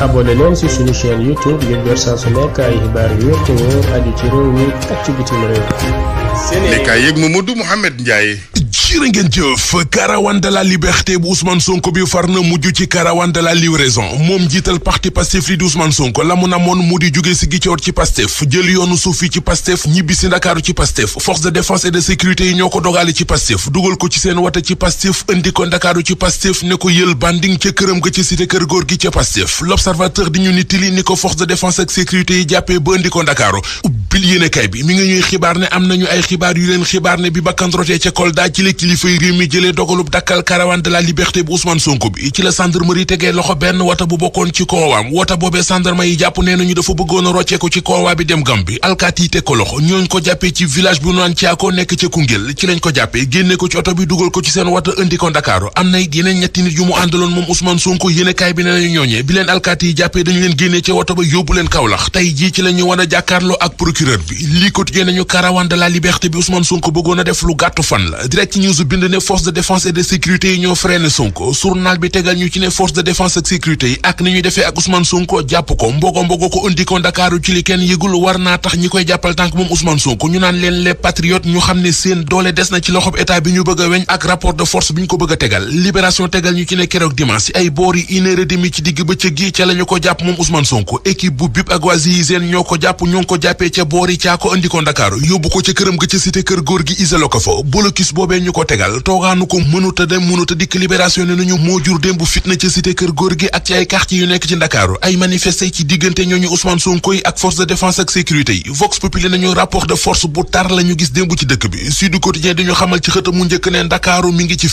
abonné si ci suñu chaîne YouTube ngir jot su nekk ay yu wér te wóor aju ci réew mi ak ci bitim réew. Sénégal nekk yëg Mamadou Mouhamed jërë ngeen liberté bu Ousmane Sonko bi far na mujj ci caravane de la moom jiital parti Pastef li di Ousmane Sonko la namoon mu di jóge si ci Pastef jël yoonu suuf yi ci Pastef ñibbi si Ndakaaru ci Pastef force de défense et de sécurité yi ñoo ko dogaale ci Pastef dugal ko ci seen wata ci Pastef indi ko Ndakaaru ci Pastef ne ko yël banding ca këram ga ci cité kër góor gi ca Pastef l'observateur di ñu nittali ni ko force de défense L'Enquête yéenekaay bi mi ngi xibaar ne am nañu ay xibaar yu leen xibaar ne bi bakkan rotee ca Kolda ci la kilifay réew mi jëlee dogalub dakkal caravane de la bu Ousmane Sonko bi ci la gendarmerie tegee loxo benn wata bu bokkoon ci koowaam wata boobee gendarme yi jàpp nee nañu dafa bëggoon rocceeku ci koowaa bi dem Gàmbi alkaat yi teg ko loxo ñooñ ko jàppee ci village bu naan Thiako nekk ca Koungheul ci lañ ko jàppee génne ko ci oto ba yóbbu leen Kaolack tey jii ci a procureur bi lii nañu caravane liberté bi Ousmane Sonko bëggoon def lu gàttu fan la direct news bind ne force de défense et de sécurité yi ñoo freiné Sonko journal bi tegal ñu ci ne force de défense ak ni ñuy defee ak Ousmane Sonko jàpp ko mbogo mbogo ko indi Ndakaaru ci li kenn yëgul war naa tax ñi koy jàppal tànk moom Ousmane Sonko ñu naan leen les patriotes ñu xam ne seen doole des na ci loxob état bi ñu bëgg weñ ak rapport de force bi ñu ko bëgg boori caako andi ko Dakar yóbbu ko ca këram ga ca cité kër góor gi isolé fa blocus boobee ñu ko tegal toogaanu ko mënut dem mënut dikk libération ne nañu moo jur démb fitna ca cité kër góor gi ak ci ay quartier yu nekk ci Dakar ay manifesté ci diggante ñooñu Ousmane Sonko yi ak force de défense ak sécurité yi Vox Populi nañu rapport de force bu tar la gis démb ci dëkk bi Sud Quotidien dañu xamal ci xët njëkk ne Dakar mi ngi ci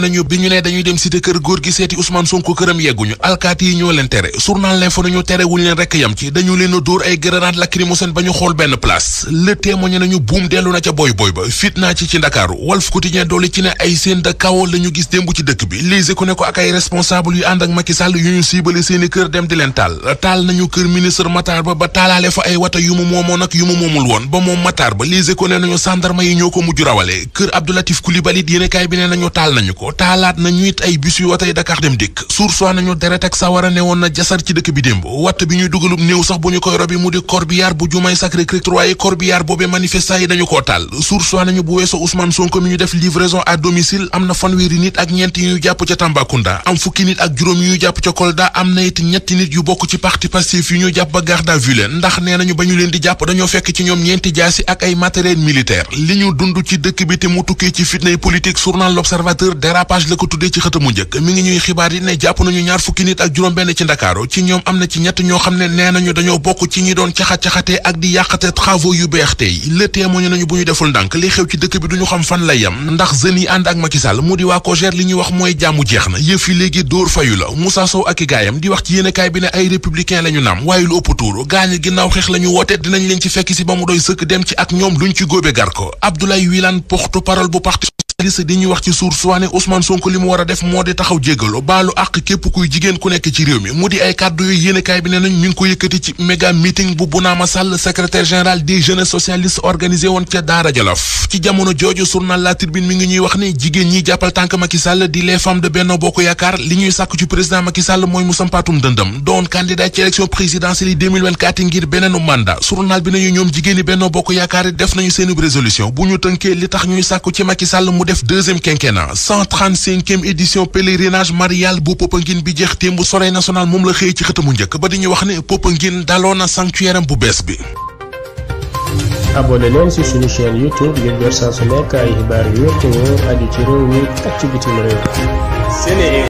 nee nañu bi ñu ne dañuy dem cité kër góor gi seeti Ousmane Sonko këram yegguñu alkaati yi ñoo leen tere journal l'info nañu tere leen rekk yam ci dañu leen a dóor ay grenade lacrymogène ba ñu xool benn place le témoigné nañu buum dellu na ca booy boy ba fit naa ci ci Ndakaaru Walf Quotidien doole ci ne ay seen da kawo la ñu gis démb ci dëkk bi lise ku ne ko ak ay responsable yu ànd ak Macky Sall yu ñu siibale seeni kër dem di leen taal taal nañu kër ministre Matar Ba ba taalaale ay wata yu mu moomoon ak yu mu moomul woon ba moom Matar Ba lise ku ne nañu yi ñoo ko mujj rawale kër Abdoulatif Coulibaly yéene kaay bi ne nañu ko taalaat nañu it ay bis yu watay Dakar dem dikk sursoi nañu deret ak sawara ne woon na jasar ci dëkk bi démb watt bi ñuy dugalub néew sax bu ñu koy robi mu di corbillard bu jumaay Sacré-Cœur 3 yi corbillard boobee manifestant yi dañu koo taal sursoi nañu bu weesoo Ousmane Sonko mi ñu def livraison à domicile am na fanweeri nit ak ñeent yu ñu jàpp ca Tambacounda am fukki nit ak juróom yu ñu jàpp ca Kolda am na it ñetti nit yu bokk ci parti Pastef yu ñu jàpp ba ndax nee nañu ba ñu leen di jàpp dañoo fekk ci ñoom ñeenti jaasi ak li ñu dund ci dëkk bi mu tukkee ci fitnay politique journal l'Observateur dérapage la ko tuddee ci xëtamu njëkk mi ngi ñuy xibaar yi ne jàpp nañu ñaar fukki nit ak juróom benn ci ndakaaru ci ñoom am na ci ñett ñoo xam ne nee nañu dañoo bokk ci ñi doon caxat-caxatee ak di yàqate travaux yu BRT yi le témoigné nañu bu ñu deful ndànk li xew ci dëkk bi duñu xam fan lay yam ndax jeunes yi ànd ak Macky Sall mu di waa ko gère li ñuy wax mooy jàmm jeex na yëf yi léegi dóor fayu la Moussa Sow ak i gaayam di wax ci kaay bi ne ay républicain la ñu naam waaye lu ëpp tuuru gaañi ginnaaw xeex la ñu woote dinañ leen ci fekk si ba mu doy ñoom luñ ci góobe gar ko Abdoulaye Wilane porte journaliste di ñu wax ci source waa ne Ousmane Sonko li mu war a def moo di taxaw jéggalu baalu àq képp kuy jigéen ku nekk ci réew mi mu di ay kàddu yu yéenekaay bi ne nañ mi ngi ko yëkkati ci méga meeting bu Bounama Sall secrétaire général des jeunes socialistes organisé woon ca Daara Jolof ci jamono jooju journal La Tribune mi ngi ñuy wax ne jigéen ñi jàppal tànk Macky Sall di les femmes de Benno Bokk Yaakaar li ñuy sàkk ci président Macky Sall mooy mu sampaatum def deuxième quinquennat 135e édition pèlerinage marial bu Popenguine bi jeex témb soleil national moom la xëy ci xëtamu njëkk ba dañuy wax ne Popenguine daloo na sanctuaire am bu bees bi abonné leen ci suñu chaîne youtube ngir jot saa su ay xibaar yu wér te wóor aju ci réew mi ak ci bitim réew